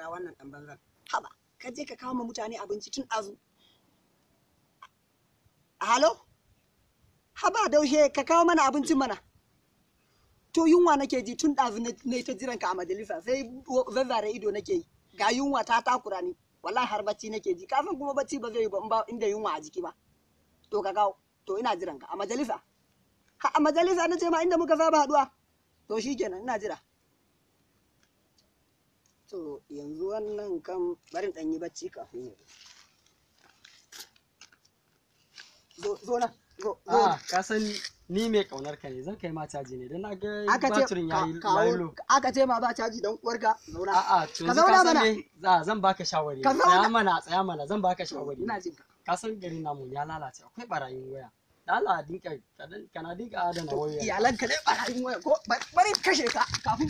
kira wannan dan banzan haba ka je ka kawo ma mutane abinci tun azu halo haba daushe ka kawo mana abincin mana to yunwa nake ji tun ɗazu na ta jiran ka a majalisa sai zazzare ido nake yi ga yunwa ta takura ni wallahi har bacci nake ji kafin kuma bacci ba zai yi ba inda yunwa a jiki ba to ka kawo to ina jiran ka a majalisa a majalisa na ce ma inda muka saba haduwa to shikenan ina jira to yanzu wannan kan barin ɗanyi bacci kafin yanzu zo zo na zo ah ka san ni mai kaunar ka ne zan kai ma caji ne dan ga ga ya yi lalo. aka ce ma ba caji dan uwarka zauna a'a to ka zauna mana za zan baka shawari Ka tsaya mana tsaya mana zan baka shawari ina jin ka ka san garin namu ya lalace akwai barayin waya Allah dinka kana dinka adana waya iyalan ka dai barayin waya ko bari kashe ka kafin